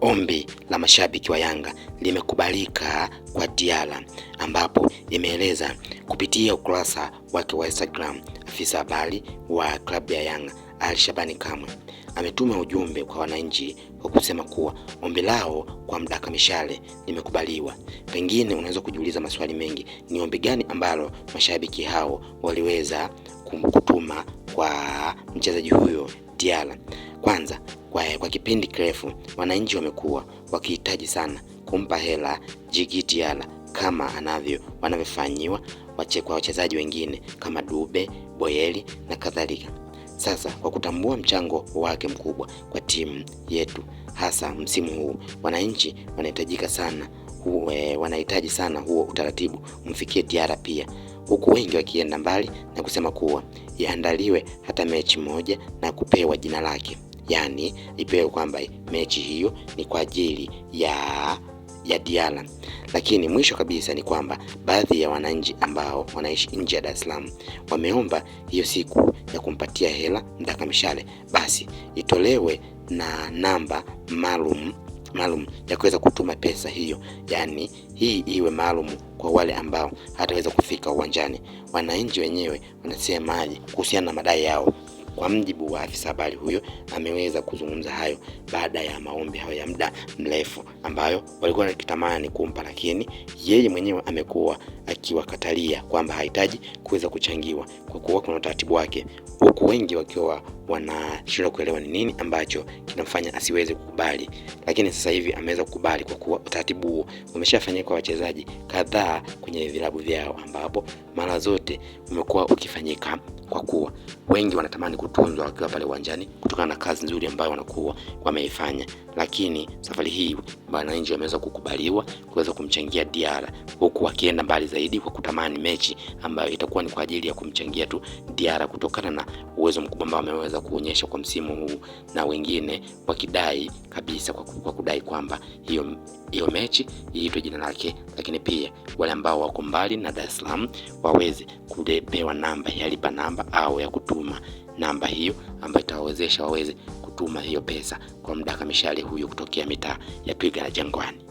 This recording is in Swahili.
Ombi la mashabiki wa Yanga limekubalika kwa Diala, ambapo imeeleza kupitia ukurasa wake wa Instagram. Afisa habari wa klabu ya Yanga Ali Shabani Kamwe ametuma ujumbe kwa wananchi kwa kusema kuwa ombi lao kwa Mdaka Mishale limekubaliwa. Pengine unaweza kujiuliza maswali mengi, ni ombi gani ambalo mashabiki hao waliweza kutuma kwa mchezaji huyo Tiara. Kwanza kwa, kwa kipindi kirefu wananchi wamekuwa wakihitaji sana kumpa hela Jigi Tiara kama anavyo wanavyofanyiwa wache kwa wachezaji wengine kama Dube, Boyeli na kadhalika. Sasa kwa kutambua mchango wake mkubwa kwa timu yetu hasa msimu huu, wananchi wanahitajika sana eh, wanahitaji sana huo utaratibu umfikie Tiara pia huku wengi wakienda mbali na kusema kuwa iandaliwe hata mechi moja na kupewa jina lake, yaani ipewe kwamba mechi hiyo ni kwa ajili ya ya Diala. Lakini mwisho kabisa ni kwamba baadhi ya wananchi ambao wanaishi nje ya Dar es Salaam wameomba hiyo siku ya kumpatia hela mdaka Mishale basi itolewe na namba maalum maalum ya kuweza kutuma pesa hiyo, yaani hii iwe maalum kwa wale ambao hataweza kufika uwanjani. Wananchi wenyewe wanasemaje kuhusiana na madai yao? Kwa mjibu wa afisa habari huyo, ameweza kuzungumza hayo baada ya maombi hayo ya muda mrefu ambayo walikuwa wakitamani kumpa, lakini yeye mwenyewe amekuwa akiwakatalia kwamba hahitaji kuweza kuchangiwa kwa kuwa kuna utaratibu wake, huku wengi wakiwa wanashindwa kuelewa ni nini ambacho kinamfanya asiweze kukubali, lakini sasa hivi ameweza kukubali kwa kuwa utaratibu huo umeshafanyika wachezaji kadhaa kwenye vilabu vyao, ambapo mara zote umekuwa ukifanyika kwa kuwa wengi wanatamani kutunzwa wakiwa pale uwanjani kutokana na kazi nzuri ambayo wanakuwa wameifanya, lakini safari hii wananchi wameweza kukubaliwa kuweza kumchangia Diara, huku wakienda mbali zaidi kwa kutamani mechi ambayo itakuwa ni kwa ajili ya kumchangia tu Diara kutokana na uwezo mkubwa ambao ameweza kuonyesha kwa msimu huu, na wengine wakidai kabisa kwa, kwa kudai kwamba hiyo hiyo mechi iitwe jina lake, lakini pia wale ambao wako mbali na Dar es Salaam waweze kupewa namba ya lipa namba au ya kutuma namba hiyo ambayo itawawezesha waweze kutuma hiyo pesa kwa mdaka mishale huyu kutokea mitaa ya Twiga na Jangwani.